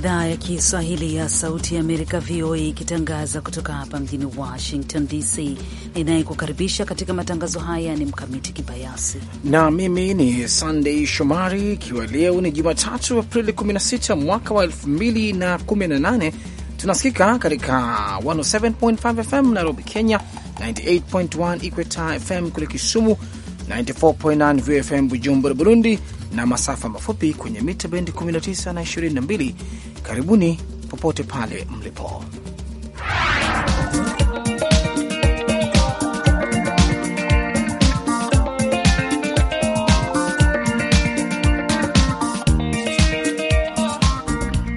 idhaa ya Kiswahili ya Sauti ya Amerika, VOA, ikitangaza kutoka hapa mjini Washington DC. Ninayekukaribisha katika matangazo haya ni Mkamiti Kibayasi na mimi ni Sandei Shomari, ikiwa leo ni Jumatatu, Aprili 16 mwaka wa 2018. Tunasikika katika 107.5 FM Nairobi, Kenya, 98.1 Equator FM kule Kisumu, 94.9 VFM Bujumbura, Burundi, na masafa mafupi kwenye mita bendi 19 na 22 Karibuni popote pale mlipo.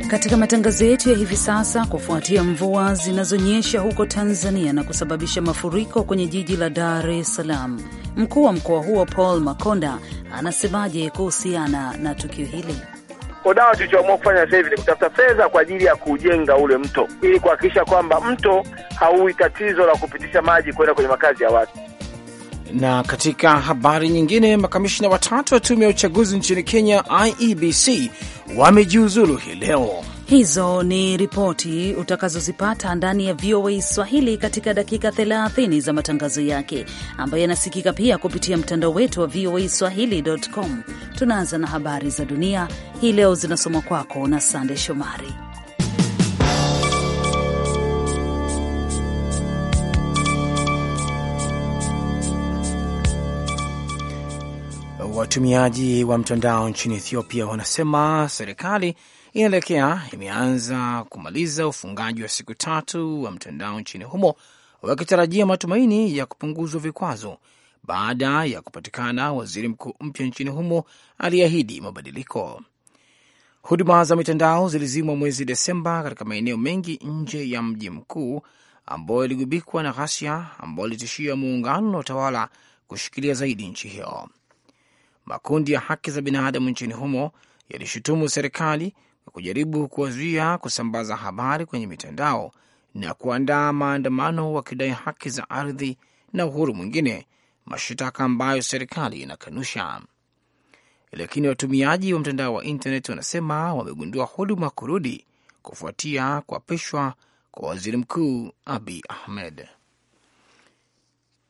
Katika matangazo yetu ya hivi sasa, kufuatia mvua zinazonyesha huko Tanzania na kusababisha mafuriko kwenye jiji la Dar es Salaam, mkuu wa mkoa huo Paul Makonda anasemaje kuhusiana na tukio hili? Kwa dawa tulichoamua kufanya sasa hivi ni kutafuta fedha kwa ajili ya kujenga ule mto ili kuhakikisha kwamba mto hauwi tatizo la kupitisha maji kwenda kwenye makazi ya watu. Na katika habari nyingine, makamishina watatu wa tume ya uchaguzi nchini Kenya IEBC wamejiuzulu hii leo. Hizo ni ripoti utakazozipata ndani ya VOA Swahili katika dakika 30 za matangazo yake ambayo yanasikika pia kupitia mtandao wetu wa VOA Swahili.com. Tunaanza na habari za dunia hii leo, zinasoma kwako na Sande Shomari. Watumiaji wa mtandao nchini Ethiopia wanasema serikali inaelekea imeanza kumaliza ufungaji wa siku tatu wa mtandao nchini humo, wakitarajia matumaini ya kupunguzwa vikwazo baada ya kupatikana waziri mkuu mpya nchini humo aliyeahidi mabadiliko. Huduma za mitandao zilizimwa mwezi Desemba katika maeneo mengi nje ya mji mkuu ambayo iligubikwa na ghasia ambayo ilitishia muungano na utawala kushikilia zaidi nchi hiyo. Makundi ya haki za binadamu nchini humo yalishutumu serikali na kujaribu kuwazuia kusambaza habari kwenye mitandao na kuandaa maandamano wakidai haki za ardhi na uhuru mwingine, mashitaka ambayo serikali inakanusha. Lakini watumiaji wa mtandao wa intaneti wanasema wamegundua huduma kurudi kufuatia kuapishwa kwa waziri mkuu abi Ahmed.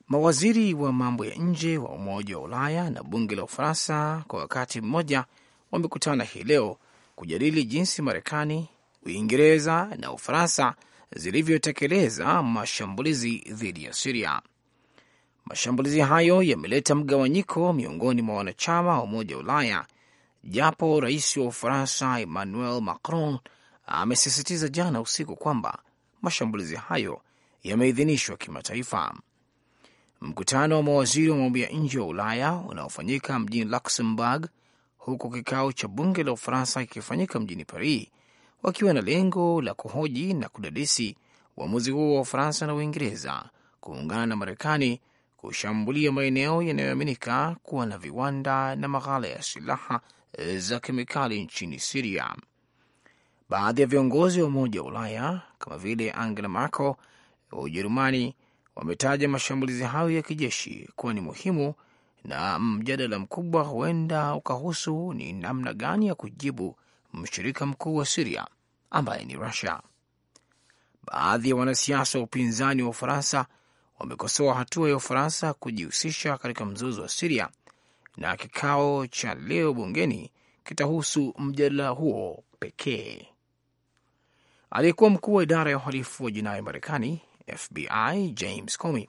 Mawaziri wa mambo ya nje wa Umoja wa Ulaya na bunge la Ufaransa kwa wakati mmoja wamekutana hii leo kujadili jinsi Marekani, Uingereza na Ufaransa zilivyotekeleza mashambulizi dhidi ya Siria. Mashambulizi hayo yameleta mgawanyiko miongoni mwa wanachama wa Umoja wa Ulaya, japo rais wa Ufaransa Emmanuel Macron amesisitiza jana usiku kwamba mashambulizi hayo yameidhinishwa kimataifa. Mkutano wa mawaziri wa mambo ya nje wa Ulaya unaofanyika mjini Luxembourg huku kikao cha bunge la Ufaransa kikifanyika mjini Paris wakiwa na lengo la kuhoji na kudadisi uamuzi huo wa Ufaransa na Uingereza kuungana na Marekani kushambulia maeneo yanayoaminika kuwa na viwanda na maghala ya silaha za kemikali nchini Siria. Baadhi ya viongozi wa Umoja wa Ulaya kama vile Angela Merkel wa Ujerumani wametaja mashambulizi hayo ya kijeshi kuwa ni muhimu na mjadala mkubwa huenda ukahusu ni namna gani ya kujibu mshirika mkuu wa Siria ambaye ni Rusia. Baadhi ya wanasiasa wa upinzani wa Ufaransa wamekosoa hatua ya Ufaransa kujihusisha katika mzozo wa Siria, na kikao cha leo bungeni kitahusu mjadala huo pekee. Aliyekuwa mkuu wa idara ya uhalifu wa jinai Marekani, FBI, James Comey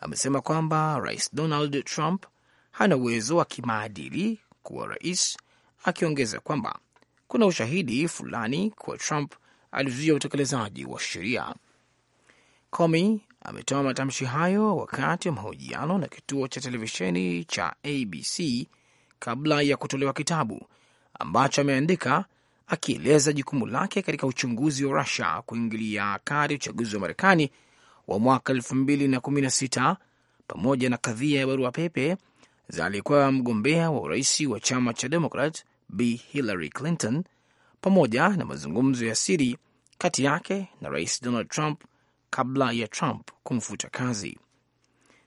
amesema kwamba Rais Donald Trump hana uwezo wa kimaadili kuwa rais, akiongeza kwamba kuna ushahidi fulani kuwa Trump alizuia utekelezaji wa sheria. Comey ametoa matamshi hayo wakati wa mahojiano na kituo cha televisheni cha ABC kabla ya kutolewa kitabu ambacho ameandika akieleza jukumu lake katika uchunguzi wa Rusia kuingilia kati uchaguzi wa Marekani wa mwaka 2016 pamoja na kadhia ya barua pepe za aliyekuwa mgombea wa urais wa chama cha Demokrat b Hillary Clinton, pamoja na mazungumzo ya siri kati yake na rais Donald Trump kabla ya Trump kumfuta kazi.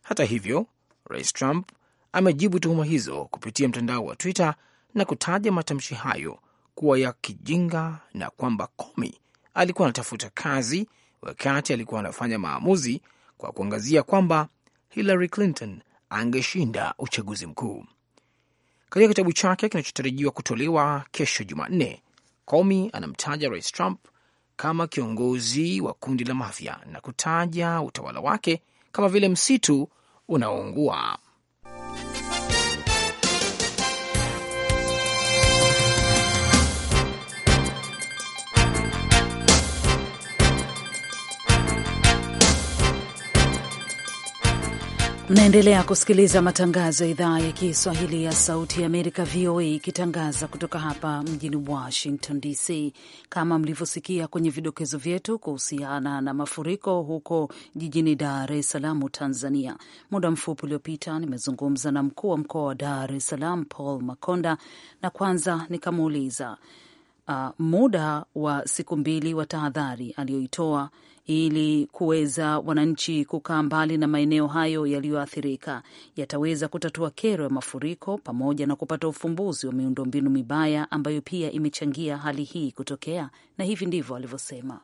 Hata hivyo, rais Trump amejibu tuhuma hizo kupitia mtandao wa Twitter na kutaja matamshi hayo kuwa ya kijinga na kwamba Comey alikuwa anatafuta kazi wakati alikuwa anafanya maamuzi kwa kuangazia kwamba Hillary Clinton angeshinda uchaguzi mkuu. Katika kitabu chake kinachotarajiwa kutolewa kesho Jumanne, Comey anamtaja Rais Trump kama kiongozi wa kundi la mafya na kutaja utawala wake kama vile msitu unaoungua. Mnaendelea kusikiliza matangazo ya idhaa ya Kiswahili ya Sauti ya Amerika, VOA, ikitangaza kutoka hapa mjini Washington DC. Kama mlivyosikia kwenye vidokezo vyetu kuhusiana na mafuriko huko jijini Dar es Salaam, Tanzania, muda mfupi uliopita nimezungumza na mkuu wa mkoa wa Dar es Salaam, Paul Makonda, na kwanza nikamuuliza uh, muda wa siku mbili wa tahadhari aliyoitoa ili kuweza wananchi kukaa mbali na maeneo hayo yaliyoathirika, yataweza kutatua kero ya mafuriko pamoja na kupata ufumbuzi wa miundombinu mibaya ambayo pia imechangia hali hii kutokea, na hivi ndivyo alivyosema.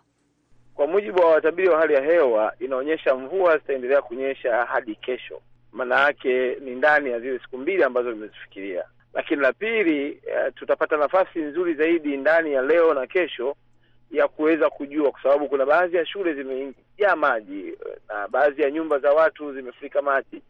Kwa mujibu wa watabiri wa hali ya hewa, inaonyesha mvua zitaendelea kunyesha hadi kesho. Maana yake ni ndani ya zile siku mbili ambazo nimezifikiria. Lakini la pili, eh, tutapata nafasi nzuri zaidi ndani ya leo na kesho ya kuweza kujua, kwa sababu kuna baadhi ya shule zimejaa maji na baadhi ya nyumba za watu zimefurika maji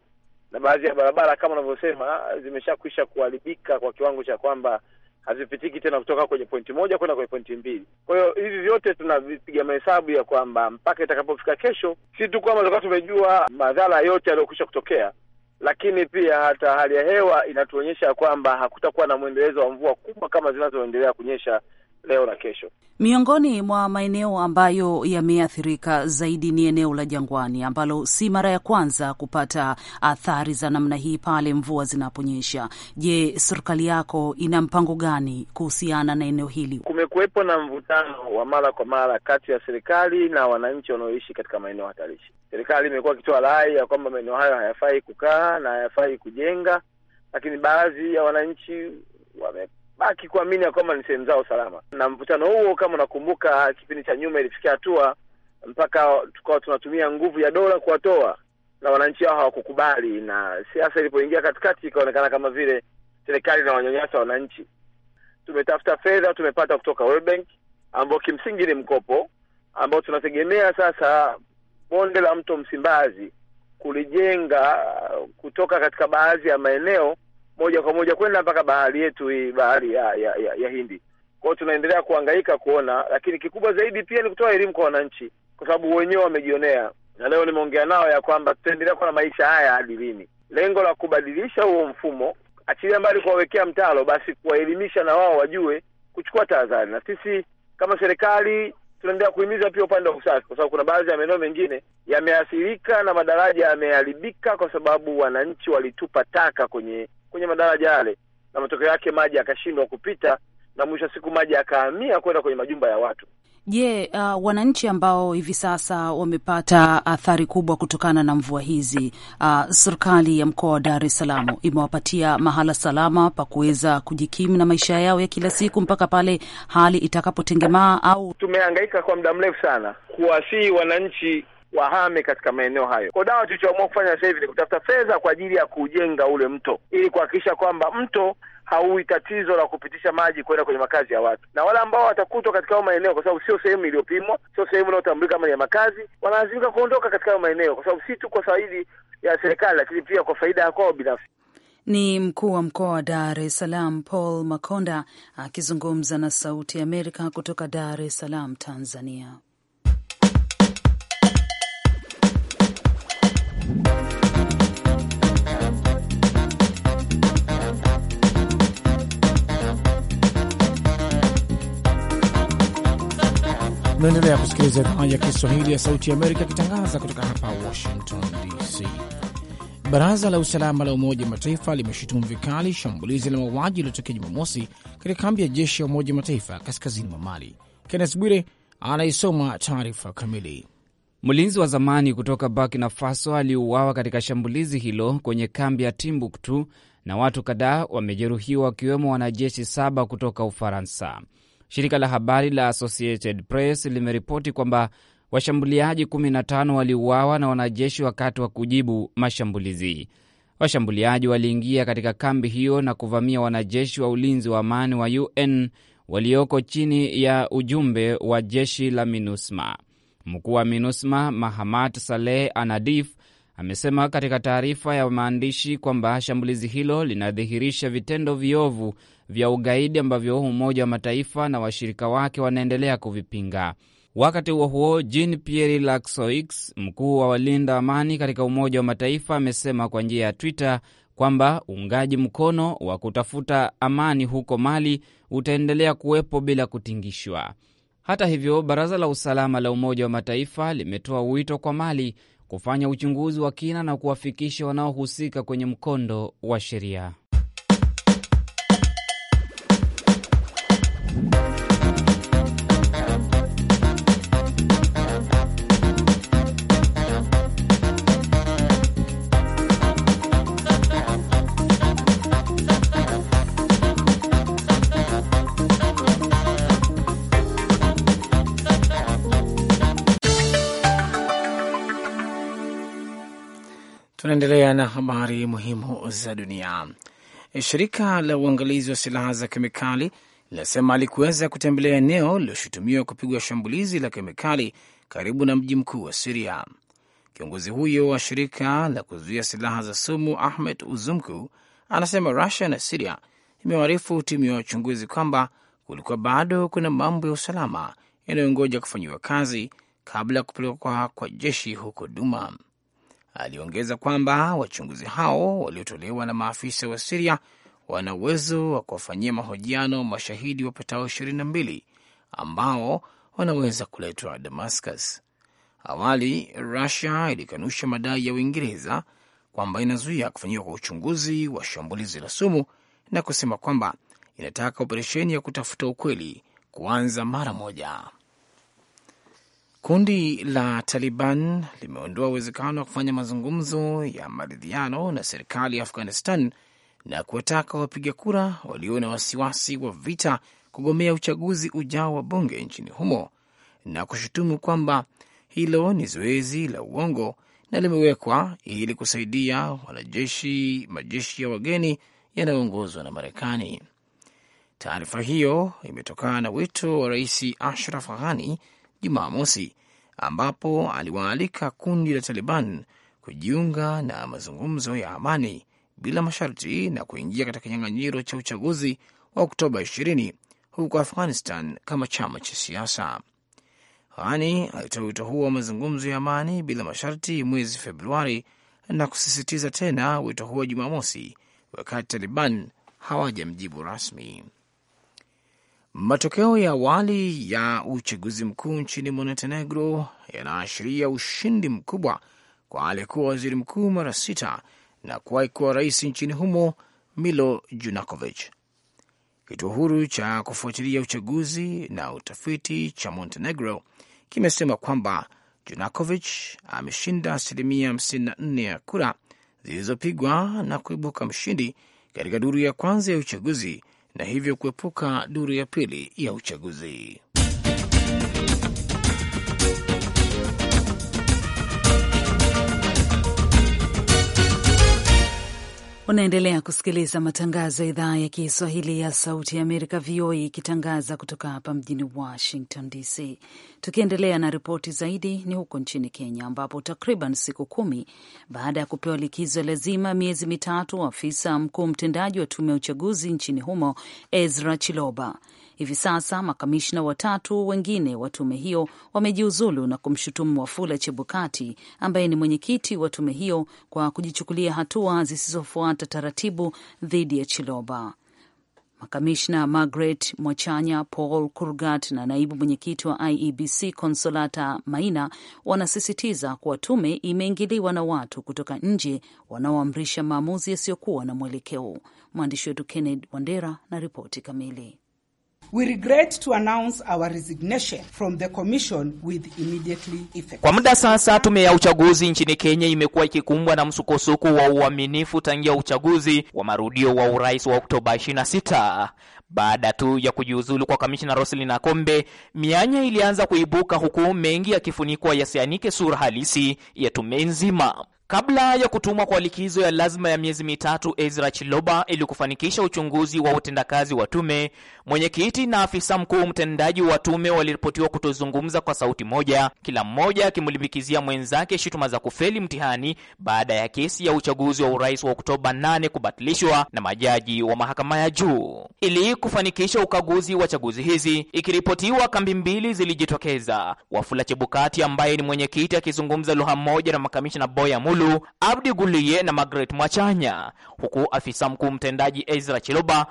na baadhi ya barabara kama unavyosema zimeshakwisha kuharibika kwa kiwango cha kwamba hazipitiki tena kutoka kwenye pointi moja kwenda kwenye pointi mbili. Kwa hiyo hivi vyote tunavipiga mahesabu ya kwamba mpaka itakapofika kesho, si tu kwamba tutakuwa tumejua madhara yote yaliyokwisha kutokea, lakini pia hata hali ya hewa inatuonyesha kwamba hakutakuwa na mwendelezo wa mvua kubwa kama zinazoendelea kunyesha leo na kesho. Miongoni mwa maeneo ambayo yameathirika zaidi ni eneo la Jangwani ambalo si mara ya kwanza kupata athari za namna hii pale mvua zinaponyesha. Je, serikali yako ina mpango gani kuhusiana na eneo hili? Kumekuwepo na mvutano wa mara kwa mara kati ya serikali na wananchi wanaoishi katika maeneo hatarishi. Serikali imekuwa ikitoa rai ya kwamba maeneo hayo hayafai kukaa na hayafai kujenga, lakini baadhi ya wananchi wame baki kuamini ya kwamba ni sehemu zao salama. Na mvutano huo, kama unakumbuka, kipindi cha nyuma ilifikia hatua mpaka tukawa tunatumia nguvu ya dola kuwatoa, na wananchi hao hawakukubali, na siasa ilipoingia katikati ikaonekana kama vile serikali na wanyanyasa wananchi. Tumetafuta fedha, tumepata kutoka World Bank ambao kimsingi ni mkopo ambao tunategemea sasa bonde la mto Msimbazi kulijenga uh, kutoka katika baadhi ya maeneo moja kwa moja kwenda mpaka bahari yetu hii, bahari ya, ya, ya, ya Hindi. Kwa tunaendelea kuhangaika kuona, lakini kikubwa zaidi pia ni kutoa elimu kwa wananchi, kwa sababu wenyewe wamejionea, na leo nimeongea nao ya kwamba tutaendelea kuwa na maisha haya hadi lini. Lengo la kubadilisha huo mfumo, achilia mbali kuwawekea mtalo, basi kuwaelimisha na wao wajue kuchukua tahadhari, na sisi kama serikali tunaendelea kuhimiza pia upande wa usafi, kwa sababu kuna baadhi ya maeneo mengine yameathirika na madaraja yameharibika kwa sababu wananchi walitupa taka kwenye kwenye madaraja yale, na matokeo yake maji akashindwa kupita, na mwisho wa siku maji akahamia kwenda kwenye majumba ya watu. Je, yeah, uh, wananchi ambao hivi sasa wamepata athari kubwa kutokana na mvua hizi, uh, serikali ya mkoa wa Dar es Salaam imewapatia mahala salama pa kuweza kujikimu na maisha yao ya kila siku mpaka pale hali itakapotengemaa? Au tumehangaika kwa muda mrefu sana kuwasihi wananchi wahame katika maeneo hayo. Kwa dawa tulichoamua kufanya sasa hivi ni kutafuta fedha kwa ajili ya kujenga ule mto ili kuhakikisha kwamba mto haui tatizo la kupitisha maji kwenda kwenye makazi ya watu, na wale ambao watakutwa katika hayo maeneo, kwa sababu sio sehemu iliyopimwa, sio sehemu inayotambulika kama ya makazi, wanalazimika kuondoka katika hayo maeneo, kwa sababu si tu kwa saidi ya serikali, lakini pia kwa faida ya kwao binafsi. Ni mkuu wa mkoa wa Dar es Salaam Paul Makonda akizungumza na Sauti ya Amerika kutoka Dar es Salaam, Tanzania. Unaendelea kusikiliza idhaa ya Kiswahili ya Sauti ya Amerika ikitangaza kutoka hapa Washington DC. Baraza la Usalama la Umoja wa Mataifa limeshutumu vikali shambulizi la mauaji iliyotokea Jumamosi katika kambi ya jeshi ya Umoja wa Mataifa kaskazini mwa Mali. Kennes Bwire anaisoma taarifa kamili. Mlinzi wa zamani kutoka Burkina Faso aliuawa katika shambulizi hilo kwenye kambi ya Timbuktu na watu kadhaa wamejeruhiwa wakiwemo wanajeshi saba kutoka Ufaransa. Shirika la habari la Associated Press limeripoti kwamba washambuliaji 15 waliuawa na wanajeshi wakati wa kujibu mashambulizi. Washambuliaji waliingia katika kambi hiyo na kuvamia wanajeshi wa ulinzi wa amani wa UN walioko chini ya ujumbe wa jeshi la MINUSMA. Mkuu wa MINUSMA Mahamat Saleh Anadif amesema katika taarifa ya maandishi kwamba shambulizi hilo linadhihirisha vitendo viovu vya ugaidi ambavyo Umoja wa Mataifa na washirika wake wanaendelea kuvipinga. Wakati huo huo, Jean Pierre Lacroix, mkuu wa walinda amani katika Umoja wa Mataifa, amesema kwa njia ya Twitter kwamba uungaji mkono wa kutafuta amani huko Mali utaendelea kuwepo bila kutingishwa. Hata hivyo, Baraza la Usalama la Umoja wa Mataifa limetoa wito kwa Mali kufanya uchunguzi wa kina na kuwafikisha wanaohusika kwenye mkondo wa sheria. Tunaendelea na habari muhimu za dunia. Shirika la uangalizi wa silaha za kemikali linasema alikuweza kutembelea eneo lililoshutumiwa kupigwa shambulizi la kemikali karibu na mji mkuu wa Siria. Kiongozi huyo wa shirika la kuzuia silaha za sumu Ahmed Uzumku anasema Rusia na Siria imewaarifu timu ya wachunguzi kwamba kulikuwa bado kuna mambo ya usalama yanayongoja kufanyiwa kazi kabla ya kupelekwa kwa jeshi huko Duma. Aliongeza kwamba wachunguzi hao waliotolewa na maafisa wa Siria wana uwezo wa kuwafanyia mahojiano mashahidi wapatao ishirini na mbili ambao wanaweza kuletwa Damascus. Awali Rusia ilikanusha madai ya Uingereza kwamba inazuia kufanyiwa kwa uchunguzi wa shambulizi la sumu na kusema kwamba inataka operesheni ya kutafuta ukweli kuanza mara moja. Kundi la Taliban limeondoa uwezekano wa kufanya mazungumzo ya maridhiano na serikali ya Afghanistan na kuwataka wapiga kura walio na wasiwasi wa vita kugomea uchaguzi ujao wa bunge nchini humo na kushutumu kwamba hilo ni zoezi la uongo na limewekwa ili kusaidia wanajeshi majeshi ya wageni yanayoongozwa na Marekani. Taarifa hiyo imetokana na wito wa Rais Ashraf Ghani Jumamosi, ambapo aliwaalika kundi la Taliban kujiunga na mazungumzo ya amani bila masharti na kuingia katika kinyang'anyiro cha uchaguzi wa Oktoba 20 huko Afghanistan kama chama cha siasa. Ghani alitoa wito huo wa mazungumzo ya amani bila masharti mwezi Februari na kusisitiza tena wito huo Jumamosi, wakati Taliban hawajamjibu rasmi. Matokeo ya awali ya uchaguzi mkuu nchini Montenegro yanaashiria ushindi mkubwa kwa aliyekuwa waziri mkuu mara sita na kuwahi kuwa rais nchini humo Milo Junakovich. Kituo huru cha kufuatilia uchaguzi na utafiti cha Montenegro kimesema kwamba Junakovich ameshinda asilimia 54 ya kura zilizopigwa na kuibuka mshindi katika duru ya kwanza ya uchaguzi na hivyo kuepuka duru ya pili ya uchaguzi. Unaendelea kusikiliza matangazo ya idhaa ya Kiswahili ya Sauti ya Amerika, VOA, ikitangaza kutoka hapa mjini Washington DC. Tukiendelea na ripoti zaidi, ni huko nchini Kenya ambapo takriban siku kumi baada ya kupewa likizo lazima miezi mitatu, afisa mkuu mtendaji wa tume ya uchaguzi nchini humo Ezra Chiloba Hivi sasa makamishna watatu wengine wa tume hiyo wamejiuzulu na kumshutumu Wafula Chebukati ambaye ni mwenyekiti wa tume hiyo kwa kujichukulia hatua zisizofuata taratibu dhidi ya Chiloba. Makamishna Margaret Mwachanya, Paul Kurgat na naibu mwenyekiti wa IEBC Consolata Maina wanasisitiza kuwa tume imeingiliwa na watu kutoka nje wanaoamrisha maamuzi yasiyokuwa na mwelekeo. Mwandishi wetu Kenneth Wandera na ripoti kamili. We regret to announce our resignation from the commission with immediately effect. Kwa muda sasa tume ya uchaguzi nchini Kenya imekuwa ikikumbwa na msukosuko wa uaminifu tangia uchaguzi wa marudio wa urais wa Oktoba 26. Baada tu ya kujiuzulu kwa kamishina Roselyn Akombe, mianya ilianza kuibuka huku mengi yakifunikwa yasianike sura halisi ya tume nzima. Kabla ya kutumwa kwa likizo ya lazima ya miezi mitatu Ezra Chiloba ili kufanikisha uchunguzi wa utendakazi wa tume, mwenyekiti na afisa mkuu mtendaji wa tume waliripotiwa kutozungumza kwa sauti moja, kila mmoja akimlimbikizia mwenzake shutuma za kufeli mtihani baada ya kesi ya uchaguzi wa urais wa Oktoba 8 kubatilishwa na majaji wa mahakama ya juu. Ili kufanikisha ukaguzi wa chaguzi hizi, ikiripotiwa kambi mbili zilijitokeza. Wafula Chebukati ambaye ni mwenyekiti akizungumza lugha moja na makamishna Boya Mulu Mwigulu, Abdi Guliye na Margaret Mwachanya, huku afisa mkuu mtendaji Ezra Chiloba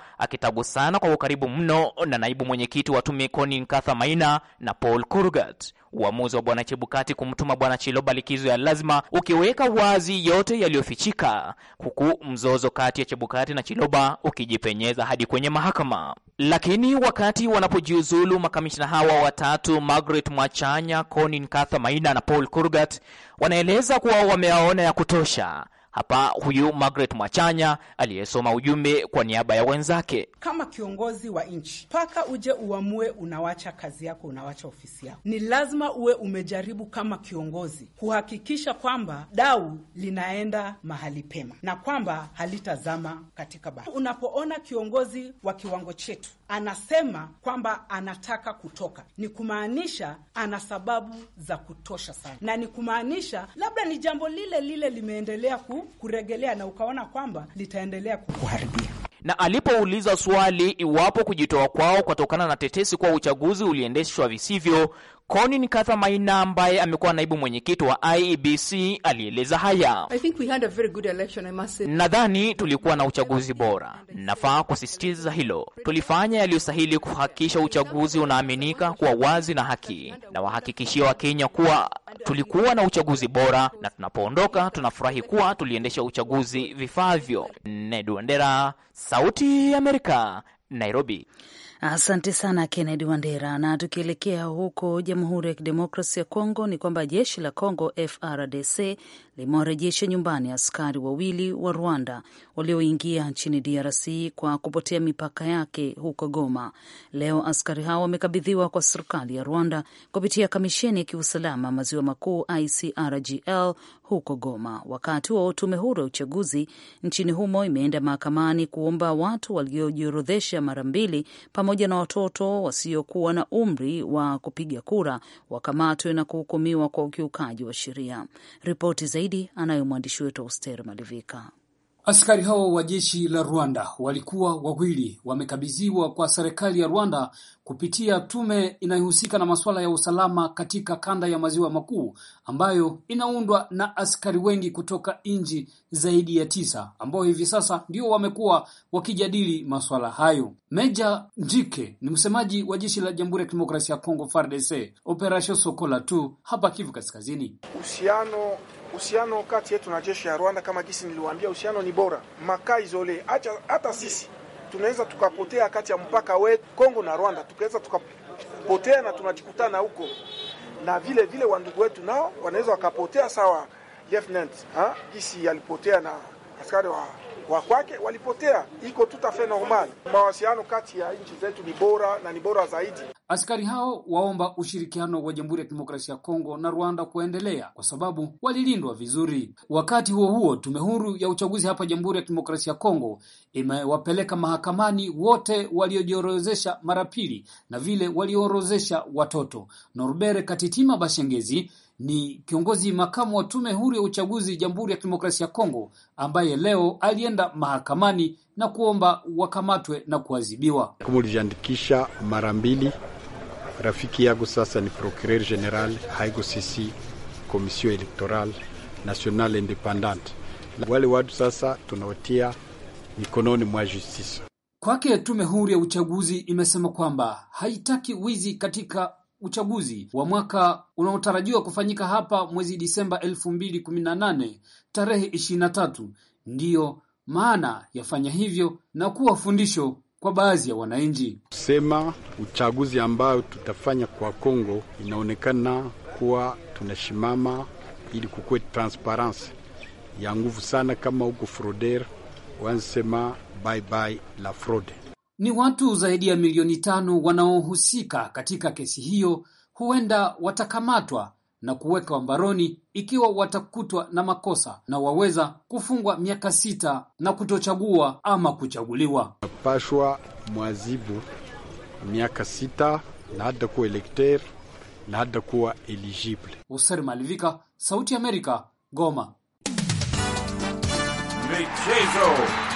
sana kwa ukaribu mno na naibu mwenyekiti wa tume Koni Nkatha Maina na Paul Kurgat Uamuzi wa bwana Chebukati kumtuma bwana Chiloba likizo ya lazima ukiweka wazi yote yaliyofichika, huku mzozo kati ya Chebukati na Chiloba ukijipenyeza hadi kwenye mahakama. Lakini wakati wanapojiuzulu makamishina hawa watatu, Margaret Mwachanya, Conin Katha Maina na Paul Kurgat, wanaeleza kuwa wameaona ya kutosha hapa huyu Margaret Mwachanya aliyesoma ujumbe kwa niaba ya wenzake. Kama kiongozi wa nchi, mpaka uje uamue unawacha kazi yako, unawacha ofisi yako, ni lazima uwe umejaribu kama kiongozi kuhakikisha kwamba dau linaenda mahali pema na kwamba halitazama katika bahari. Unapoona kiongozi wa kiwango chetu anasema kwamba anataka kutoka, ni kumaanisha ana sababu za kutosha sana, na ni kumaanisha labda ni jambo lile lile limeendelea kuregelea na ukaona kwamba litaendelea kukuharibia na alipouliza swali iwapo kujitoa kwao kutokana na tetesi kuwa uchaguzi uliendeshwa visivyo, Konin Katha Maina ambaye amekuwa naibu mwenyekiti wa IEBC alieleza haya. Nadhani tulikuwa na uchaguzi bora, nafaa kusisitiza hilo. Tulifanya yaliyostahili kuhakikisha uchaguzi unaaminika, kuwa wazi na haki, na wahakikishia Wakenya kuwa tulikuwa na uchaguzi bora, na tunapoondoka tunafurahi kuwa tuliendesha uchaguzi vifaavyo. Nedu Wandera, Sauti ya Amerika, Nairobi. Asante sana Kennedy Wandera. Na tukielekea huko Jamhuri ya Kidemokrasi ya Kongo, ni kwamba jeshi la Kongo FRDC limewarejesha nyumbani askari wawili wa Rwanda walioingia nchini DRC kwa kupotea mipaka yake huko Goma. Leo askari hao wamekabidhiwa kwa serikali ya Rwanda kupitia kamisheni ya kiusalama maziwa makuu ICRGL huko Goma. Wakati wa tume huru ya uchaguzi nchini humo imeenda mahakamani kuomba watu waliojiorodhesha mara mbili pamoja na watoto wasiokuwa na umri wa kupiga kura wakamatwe na kuhukumiwa kwa ukiukaji wa sheria. Ripoti zaidi zaidi anayo mwandishi wetu Auster Malivika. Askari hao wa jeshi la Rwanda walikuwa wawili, wamekabidhiwa kwa serikali ya Rwanda kupitia tume inayohusika na masuala ya usalama katika kanda ya maziwa makuu ambayo inaundwa na askari wengi kutoka nchi zaidi ya tisa ambao hivi sasa ndio wamekuwa wakijadili masuala hayo. Meja Njike ni msemaji wa jeshi la Jamhuri ya Kidemokrasia ya Kongo FARDC, Operation Sokola tu hapa Kivu Kaskazini. Uhusiano uhusiano kati yetu na jeshi ya Rwanda kama jinsi niliwaambia, uhusiano ni bora makaizole hata sisi tunaweza tukapotea kati ya mpaka wetu Kongo na Rwanda, tukaweza tukapotea na tunajikutana huko, na vile vile wandugu wetu nao wanaweza wakapotea, sawa Lieutenant ha gisi alipotea na askari wa kwa kwake walipotea, iko tutafe normal. Mawasiliano kati ya nchi zetu ni bora na ni bora zaidi. Askari hao waomba ushirikiano wa Jamhuri ya Kidemokrasia ya Kongo na Rwanda kuendelea kwa sababu walilindwa vizuri. Wakati huo huo, tume huru ya uchaguzi hapa Jamhuri ya Kidemokrasia ya Kongo imewapeleka mahakamani wote waliojiorozesha mara pili na vile walioorozesha watoto. Norbere Katitima Bashengezi ni kiongozi makamu wa Tume Huru ya Uchaguzi Jamhuri ya Kidemokrasia ya Kongo, ambaye leo alienda mahakamani na kuomba wakamatwe na kuadhibiwa. Kama ulijiandikisha mara mbili, rafiki yangu sasa ni procureur general, haiko sisi komision electoral national independante. Wale watu sasa tunawatia mikononi mwa justice. Kwake tume huru ya uchaguzi imesema kwamba haitaki wizi katika uchaguzi wa mwaka unaotarajiwa kufanyika hapa mwezi Disemba elfu tarehe 23. Ndiyo maana yafanya hivyo na kuwa fundisho kwa baadhi ya wananchi kusema uchaguzi ambayo tutafanya kwa Kongo inaonekana kuwa tunashimama ili kukuwe transparensi ya nguvu sana. Kama huko Froder wanasema bye bye la fraude. Ni watu zaidi ya milioni tano wanaohusika katika kesi hiyo huenda watakamatwa na kuwekwa mbaroni ikiwa watakutwa na makosa na waweza kufungwa miaka sita na kutochagua ama kuchaguliwa. Napashwa mwazibu miaka sita na hata kuwa elekter na hata kuwa eligible. Usari Malivika, Sauti Amerika, Goma. Michezo.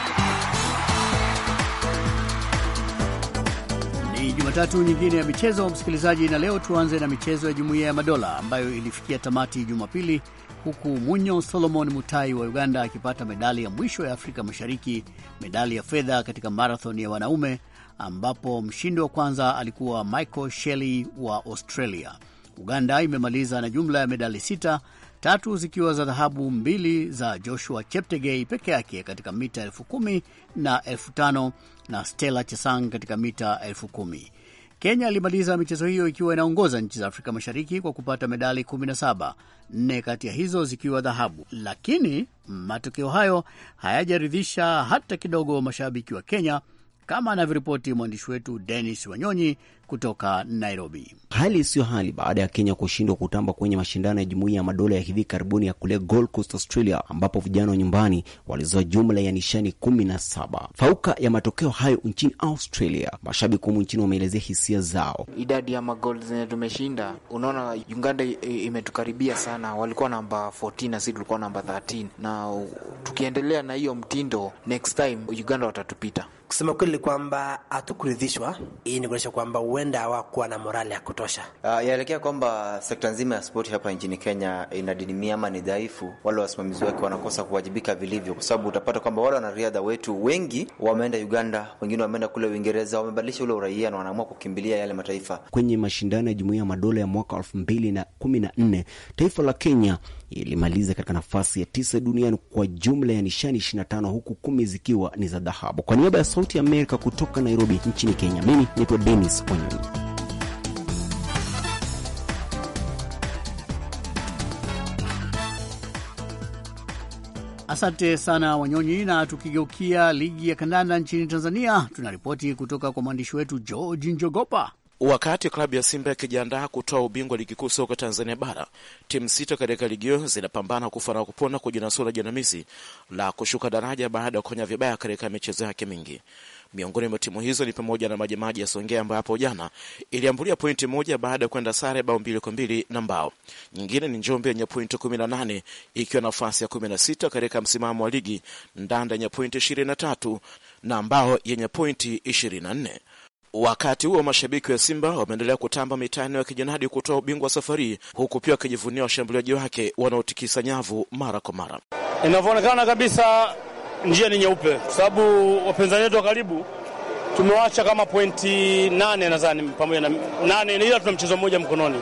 Ni Jumatatu nyingine ya michezo, msikilizaji, na leo tuanze na michezo ya Jumuiya ya Madola ambayo ilifikia tamati Jumapili, huku Munyo Solomon Mutai wa Uganda akipata medali ya mwisho ya Afrika Mashariki, medali ya fedha katika marathon ya wanaume, ambapo mshindi wa kwanza alikuwa Michael Shelley wa Australia. Uganda imemaliza na jumla ya medali sita tatu zikiwa za dhahabu, mbili za Joshua Cheptegei peke yake katika mita elfu kumi na elfu tano na Stella Chesang katika mita elfu kumi. Kenya ilimaliza michezo hiyo ikiwa inaongoza nchi za Afrika Mashariki kwa kupata medali 17, nne kati ya hizo zikiwa dhahabu. Lakini matokeo hayo hayajaridhisha hata kidogo mashabiki wa Kenya, kama anavyoripoti mwandishi wetu Denis Wanyonyi kutoka Nairobi. Hali isiyo hali baada ya Kenya kushindwa kutamba kwenye mashindano ya jumuiya ya madola ya hivi karibuni ya kule Gold Coast, Australia, ambapo vijana wa nyumbani walizoa jumla ya nishani kumi na saba. Fauka ya matokeo hayo nchini Australia, mashabiki humu nchini wameelezea hisia zao. Idadi ya magol zenye tumeshinda, unaona Uganda imetukaribia sana, walikuwa namba 14 na sisi tulikuwa namba 13, na tukiendelea na hiyo mtindo, next time Uganda watatupita. Kusema kweli kwamba hatukuridhishwa, hii ni kuonyesha kwamba huenda hawakuwa na morali ya kutosha. Uh, yaelekea kwamba sekta nzima ya spoti hapa nchini Kenya inadidimia ama ni dhaifu, wale wasimamizi wake wanakosa kuwajibika vilivyo, kwa sababu utapata kwamba wale wanariadha wetu wengi wameenda Uganda, wengine wameenda kule Uingereza, wamebadilisha ule uraia na wanaamua kukimbilia yale mataifa. Kwenye mashindano ya Jumuiya ya Madola ya mwaka elfu mbili na kumi na nne taifa la Kenya ilimaliza katika nafasi ya tisa duniani kwa jumla ya nishani 25 huku kumi zikiwa ni za dhahabu. Kwa niaba ya Sauti Amerika kutoka Nairobi nchini Kenya, mimi naitwa denis Wanyonyi. Asante sana Wanyonyi. Na tukigeukia ligi ya kandanda nchini Tanzania, tunaripoti kutoka kwa mwandishi wetu George Njogopa. Wakati klabu ya Simba ikijiandaa kutoa ubingwa ligi kuu soka Tanzania bara, timu sita katika ligi hiyo zinapambana kufa na kupona kujinasura jinamizi la kushuka daraja baada ya kufanya vibaya katika michezo yake mingi. Miongoni mwa timu hizo ni pamoja na Majimaji ya Songea ambayo hapo jana iliambulia pointi moja baada ya kwenda sare bao mbili kwa mbili na Mbao. Nyingine ni Njombe yenye pointi 18 ikiwa nafasi ya sita katika msimamo wa ligi, Ndanda yenye pointi ishirini na Mbao yenye pointi 24. Wakati huo mashabiki wa Simba wameendelea kutamba mitaani wakijinadi kutoa ubingwa wa safari, huku pia wakijivunia washambuliaji wake wanaotikisa nyavu mara kwa mara. Inavyoonekana kabisa njia ni nyeupe, kwa sababu wapinzani wetu wa karibu tumewacha kama pointi nane nadhani, pamoja na nane, ila tuna mchezo mmoja mkononi.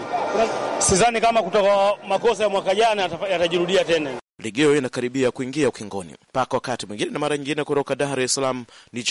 Sidhani kama kutoka makosa ya mwaka jana yatajirudia tena. Ligi hiyo inakaribia kuingia ukingoni mpaka wakati mwingine na mara nyingine. Kutoka Dar es Salaam ni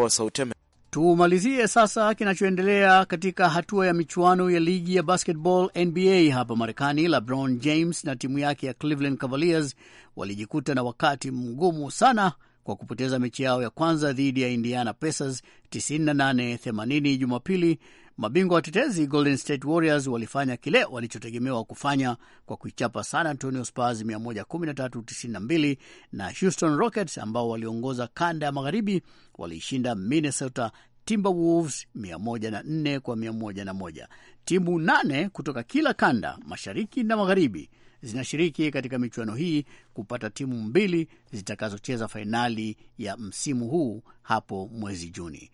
wa Sauti Tumalizie sasa kinachoendelea katika hatua ya michuano ya ligi ya basketball NBA hapa Marekani. LeBron James na timu yake ya Cleveland Cavaliers walijikuta na wakati mgumu sana kwa kupoteza mechi yao ya kwanza dhidi ya Indiana Pacers 98 80 Jumapili Mabingwa watetezi Golden State Warriors walifanya kile walichotegemewa kufanya kwa kuichapa San Antonio Spurs 113-92 na Houston Rockets ambao waliongoza kanda ya magharibi waliishinda Minnesota Timberwolves 104 kwa 101. Timu nane kutoka kila kanda, mashariki na magharibi, zinashiriki katika michuano hii kupata timu mbili zitakazocheza fainali ya msimu huu hapo mwezi Juni.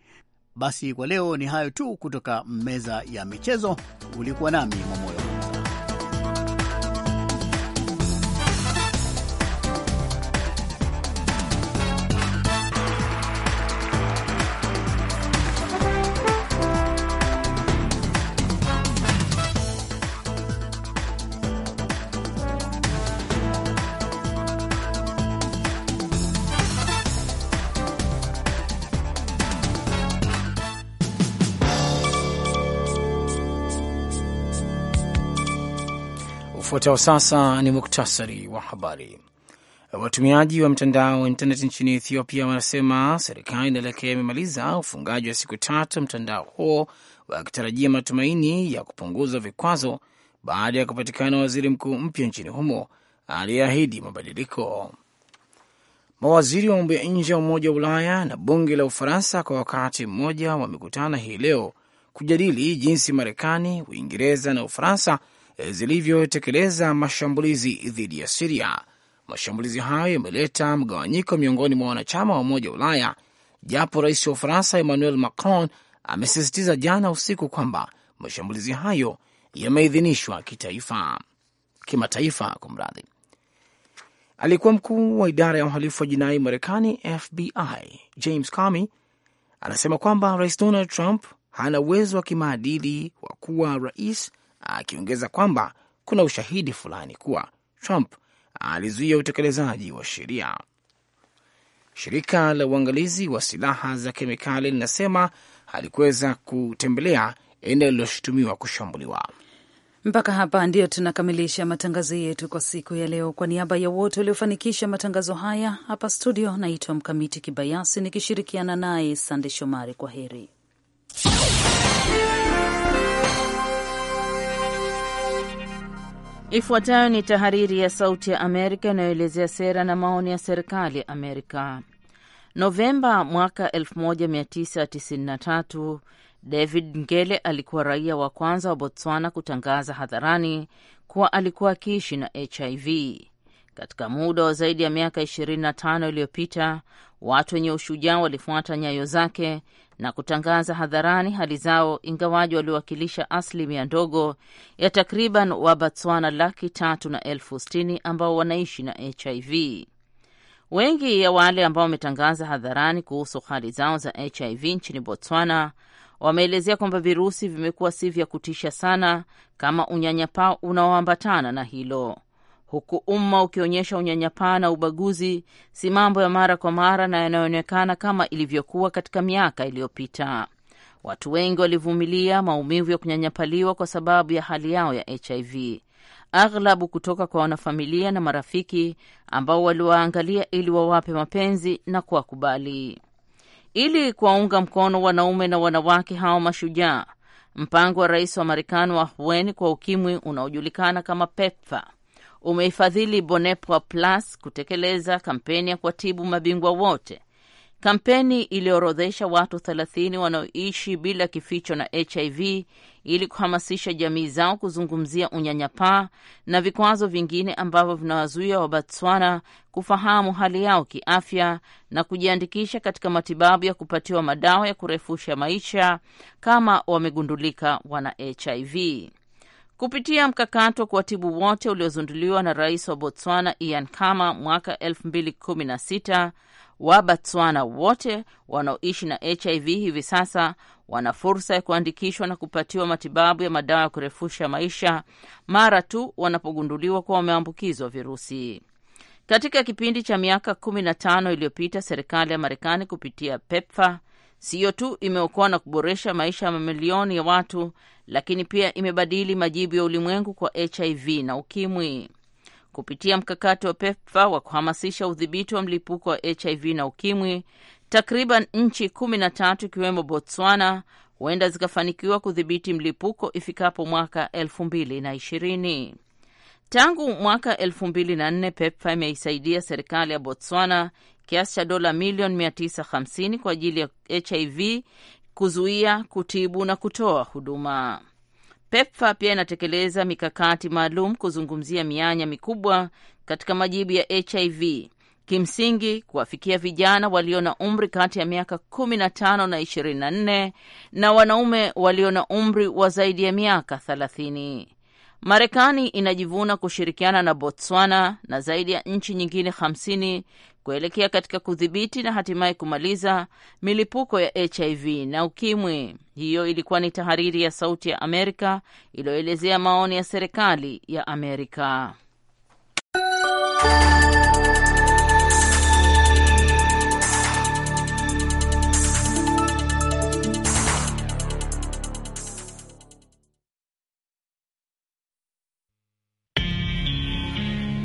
Basi kwa leo ni hayo tu kutoka meza ya michezo. Ulikuwa nami Mwamoyo. Ufuatao sasa ni muktasari wa habari. Watumiaji wa mtandao wa intaneti nchini Ethiopia wanasema serikali inaelekea imemaliza ufungaji wa siku tatu mtandao huo, wakitarajia matumaini ya kupunguza vikwazo baada ya kupatikana waziri mkuu mpya nchini humo aliyeahidi mabadiliko. Mawaziri wa mambo ya nje wa Umoja wa Ulaya na bunge la Ufaransa kwa wakati mmoja wamekutana hii leo kujadili jinsi Marekani, Uingereza na Ufaransa Eh, zilivyotekeleza mashambulizi dhidi ya Siria. Mashambulizi hayo yameleta mgawanyiko miongoni mwa wanachama wa Umoja wa Ulaya, japo rais wa Ufaransa Emmanuel Macron amesisitiza jana usiku kwamba mashambulizi hayo yameidhinishwa kitaifa, kimataifa. mradhi Alikuwa mkuu wa idara ya uhalifu wa jinai Marekani, FBI, James Comey anasema kwamba rais Donald Trump hana uwezo wa kimaadili wa kuwa rais akiongeza kwamba kuna ushahidi fulani kuwa Trump alizuia utekelezaji wa sheria. Shirika la uangalizi wa silaha za kemikali linasema alikuweza kutembelea eneo lililoshutumiwa kushambuliwa. Mpaka hapa ndio tunakamilisha matangazo yetu kwa siku ya leo. Kwa niaba ya wote waliofanikisha matangazo haya hapa studio, naitwa Mkamiti Kibayasi nikishirikiana naye Sande Shomari. Kwa heri. Ifuatayo ni tahariri ya Sauti ya Amerika inayoelezea sera na maoni ya serikali ya Amerika. Novemba mwaka 1993 David Ngele alikuwa raia wa kwanza wa Botswana kutangaza hadharani kuwa alikuwa akiishi na HIV. Katika muda wa zaidi ya miaka 25 iliyopita, watu wenye ushujaa walifuata nyayo zake na kutangaza hadharani hali zao, ingawaji waliwakilisha asilimia ndogo ya takriban wa botswana laki tatu na elfu sitini ambao wanaishi na HIV. Wengi ya wale ambao wametangaza hadharani kuhusu hali zao za HIV nchini Botswana wameelezea kwamba virusi vimekuwa si vya kutisha sana kama unyanyapaa unaoambatana na hilo huku umma ukionyesha unyanyapaa na ubaguzi, si mambo ya mara kwa mara na yanayoonekana kama ilivyokuwa katika miaka iliyopita. Watu wengi walivumilia maumivu ya kunyanyapaliwa kwa sababu ya hali yao ya HIV, aghlabu kutoka kwa wanafamilia na marafiki ambao waliwaangalia ili wawape mapenzi na kuwakubali. Ili kuwaunga mkono wanaume na wanawake hawa mashujaa, mpango wa rais wa Marekani wa ahueni kwa ukimwi unaojulikana kama PEPFAR umeifadhili Bonepwa Plus kutekeleza kampeni ya kuwatibu mabingwa wote, kampeni iliyoorodhesha watu 30 wanaoishi bila kificho na HIV ili kuhamasisha jamii zao kuzungumzia unyanyapaa na vikwazo vingine ambavyo vinawazuia Wabotswana kufahamu hali yao kiafya na kujiandikisha katika matibabu ya kupatiwa madawa ya kurefusha maisha kama wamegundulika wana HIV kupitia mkakati wa kuwatibu wote uliozinduliwa na rais wa Botswana Ian Khama mwaka 2016. Wa Botswana wote wanaoishi na HIV hivi sasa wana fursa ya kuandikishwa na kupatiwa matibabu ya madawa ya kurefusha maisha mara tu wanapogunduliwa kuwa wameambukizwa virusi. Katika kipindi cha miaka 15 iliyopita, serikali ya Marekani kupitia PEPFAR siyo tu imeokoa na kuboresha maisha ya mamilioni ya watu, lakini pia imebadili majibu ya ulimwengu kwa HIV na ukimwi. Kupitia mkakati wa pepfa wa kuhamasisha udhibiti wa mlipuko wa HIV na ukimwi, takriban nchi kumi na tatu ikiwemo Botswana huenda zikafanikiwa kudhibiti mlipuko ifikapo mwaka elfu mbili na ishirini. Tangu mwaka elfu mbili na nne PEPFA imeisaidia serikali ya Botswana kiasi cha dola milioni 950 kwa ajili ya HIV kuzuia, kutibu na kutoa huduma. PEPFA pia inatekeleza mikakati maalum kuzungumzia mianya mikubwa katika majibu ya HIV, kimsingi kuwafikia vijana walio na umri kati ya miaka 15 na 24 na wanaume walio na umri wa zaidi ya miaka 30. Marekani inajivuna kushirikiana na Botswana na zaidi ya nchi nyingine hamsini kuelekea katika kudhibiti na hatimaye kumaliza milipuko ya HIV na ukimwi. Hiyo ilikuwa ni tahariri ya Sauti ya Amerika iliyoelezea maoni ya serikali ya Amerika.